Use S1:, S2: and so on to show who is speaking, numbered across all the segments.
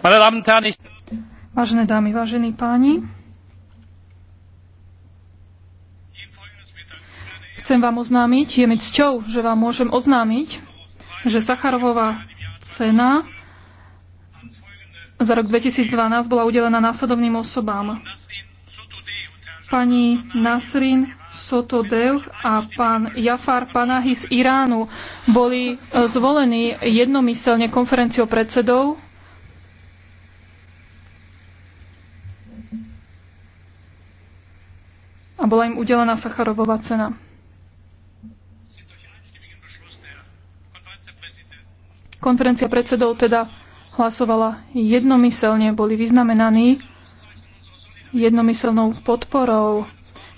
S1: Vážené dámy, vážení páni, chcem vám oznámiť, je mi cťou, že vám môžem oznámiť, že Sacharovová cena za rok 2012 bola udelená následovným osobám. Pani Nasrin Sotodev a pán Jafar Panahi z Iránu boli e, zvolení jednomyselne konferenciou predsedov a bola im udelená Sacharovová cena. Konferencia predsedov teda hlasovala jednomyselne, boli vyznamenaní jednomyselnou podporou.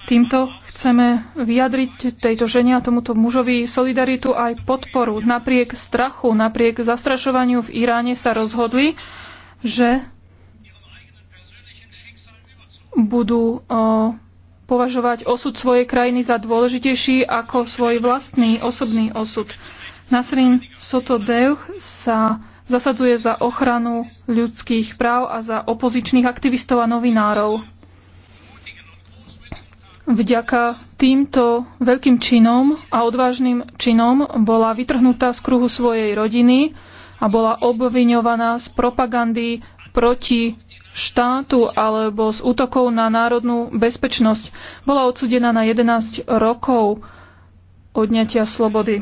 S1: Týmto chceme vyjadriť tejto žene a tomuto mužovi solidaritu aj podporu. Napriek strachu, napriek zastrašovaniu v Iráne sa rozhodli, že budú považovať osud svojej krajiny za dôležitejší ako svoj vlastný osobný osud. Nasrin Sotodeh sa zasadzuje za ochranu ľudských práv a za opozičných aktivistov a novinárov. Vďaka týmto veľkým činom a odvážnym činom bola vytrhnutá z kruhu svojej rodiny a bola obviňovaná z propagandy proti štátu alebo z útokov na národnú bezpečnosť. Bola odsudená na 11 rokov odňatia slobody.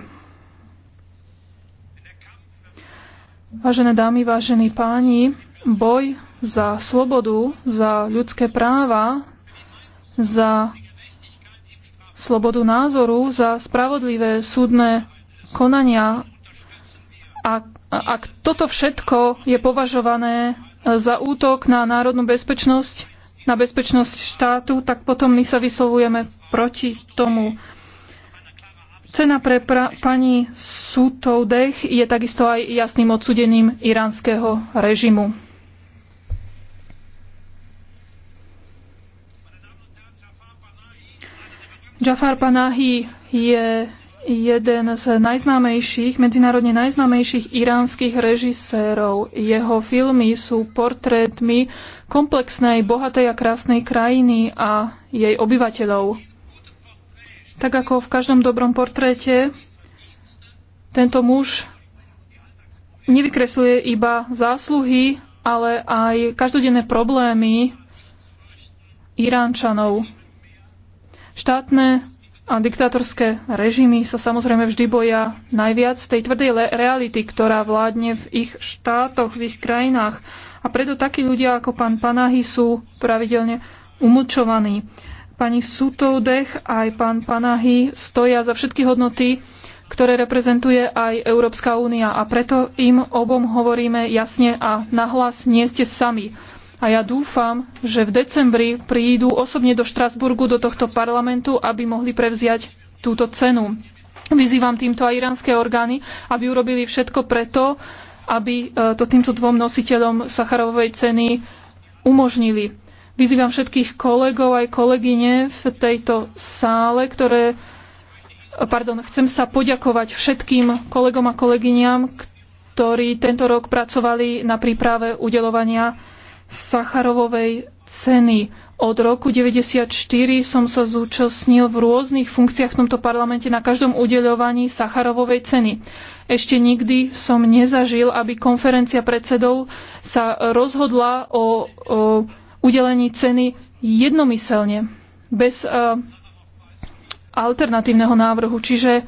S1: Vážené dámy, vážení páni, boj za slobodu, za ľudské práva, za slobodu názoru, za spravodlivé súdne konania. A ak toto všetko je považované za útok na národnú bezpečnosť, na bezpečnosť štátu, tak potom my sa vyslovujeme proti tomu. Cena pre pra- pani Sutoudech je takisto aj jasným odsudením iránskeho režimu. Jafar Panahi je jeden z najznámejších, medzinárodne najznámejších iránskych režisérov. Jeho filmy sú portrétmi komplexnej, bohatej a krásnej krajiny a jej obyvateľov. Tak ako v každom dobrom portréte, tento muž nevykresluje iba zásluhy, ale aj každodenné problémy Iránčanov. Štátne a diktátorské režimy sa samozrejme vždy boja najviac tej tvrdej reality, ktorá vládne v ich štátoch, v ich krajinách. A preto takí ľudia ako pán Panahy sú pravidelne umlčovaní. Pani Sutoudech aj pán Panahy stoja za všetky hodnoty, ktoré reprezentuje aj Európska únia. A preto im obom hovoríme jasne a nahlas, nie ste sami a ja dúfam, že v decembri prídu osobne do Štrasburgu, do tohto parlamentu, aby mohli prevziať túto cenu. Vyzývam týmto aj iránske orgány, aby urobili všetko preto, aby e, to týmto dvom nositeľom Sacharovej ceny umožnili. Vyzývam všetkých kolegov aj kolegyne v tejto sále, ktoré pardon, chcem sa poďakovať všetkým kolegom a kolegyňam, ktorí tento rok pracovali na príprave udelovania Sacharovovej ceny. Od roku 1994 som sa zúčastnil v rôznych funkciách v tomto parlamente na každom udeľovaní Sacharovovej ceny. Ešte nikdy som nezažil, aby konferencia predsedov sa rozhodla o, o udelení ceny jednomyselne, bez uh, alternatívneho návrhu. Čiže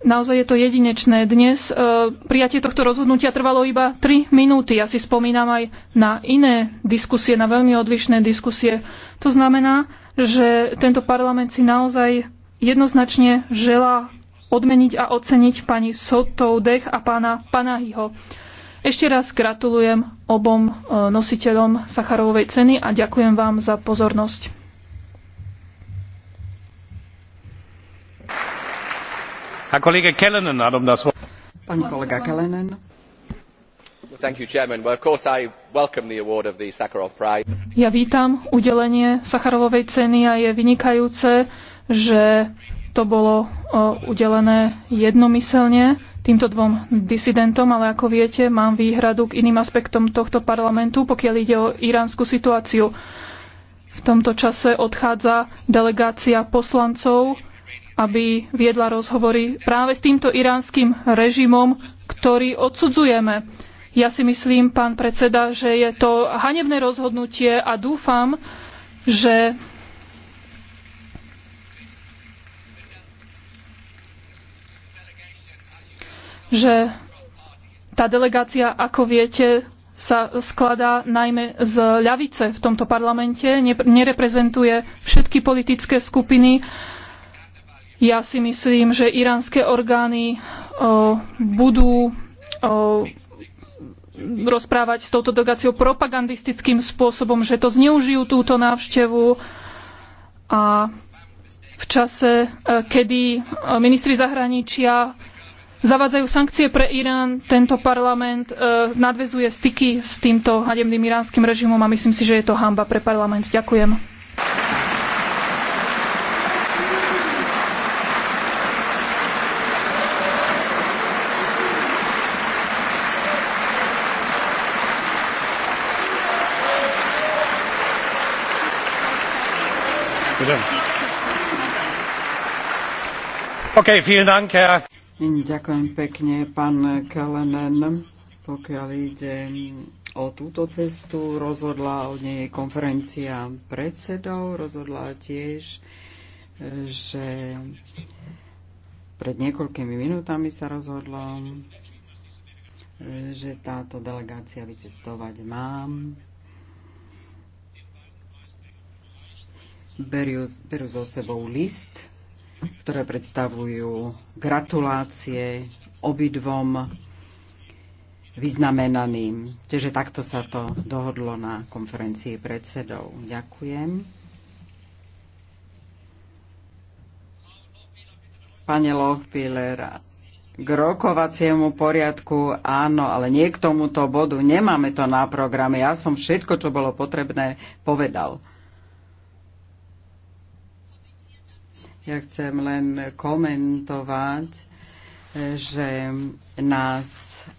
S1: Naozaj je to jedinečné. Dnes e, prijatie tohto rozhodnutia trvalo iba 3 minúty. Ja si spomínam aj na iné diskusie, na veľmi odlišné diskusie. To znamená, že tento parlament si naozaj jednoznačne želá odmeniť a oceniť pani Dech a pána Panahyho. Ešte raz gratulujem obom e, nositeľom Sacharovej ceny a ďakujem vám za pozornosť.
S2: Pán um kolega Kellenen.
S1: Ja vítam udelenie Sacharovovej ceny a je vynikajúce, že to bolo udelené jednomyselne týmto dvom disidentom, ale ako viete, mám výhradu k iným aspektom tohto parlamentu, pokiaľ ide o iránsku situáciu. V tomto čase odchádza delegácia poslancov aby viedla rozhovory práve s týmto iránskym režimom, ktorý odsudzujeme. Ja si myslím, pán predseda, že je to hanebné rozhodnutie a dúfam, že že tá delegácia, ako viete, sa skladá najmä z ľavice v tomto parlamente, nereprezentuje všetky politické skupiny ja si myslím, že iránske orgány o, budú o, rozprávať s touto delegáciou propagandistickým spôsobom, že to zneužijú túto návštevu a v čase, e, kedy e, ministri zahraničia zavádzajú sankcie pre Irán, tento parlament e, nadvezuje styky s týmto hanebným iránskym režimom a myslím si, že je to hamba pre parlament. Ďakujem.
S2: Ďakujem pekne, pán Kelenen. Pokiaľ ide o túto cestu, rozhodla o nej konferencia predsedov, rozhodla tiež, že pred niekoľkými minútami sa rozhodlo, že táto delegácia vycestovať mám berú, berú so sebou list, ktoré predstavujú gratulácie obidvom vyznamenaným. Čiže takto sa to dohodlo na konferencii predsedov. Ďakujem. Pane Lochpiller, k rokovaciemu poriadku áno, ale nie k tomuto bodu. Nemáme to na programe. Ja som všetko, čo bolo potrebné, povedal. Ja chcem len komentovať, že nás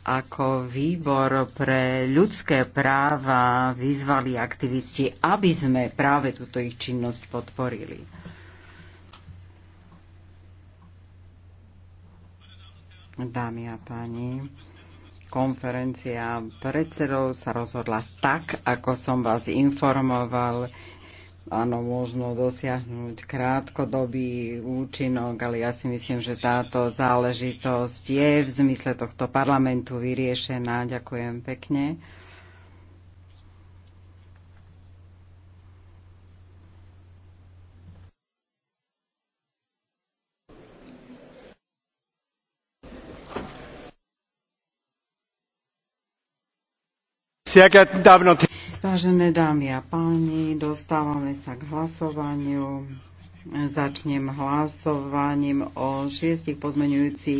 S2: ako výbor pre ľudské práva vyzvali aktivisti, aby sme práve túto ich činnosť podporili. Dámy a páni, konferencia predsedov sa rozhodla tak, ako som vás informoval áno, možno dosiahnuť krátkodobý účinok, ale ja si myslím, že táto záležitosť je v zmysle tohto parlamentu vyriešená. Ďakujem pekne. Sehr geehrte Damen und Herren, Vážené dámy a páni, dostávame sa k hlasovaniu. Začnem hlasovaním o šiestich pozmenujúcich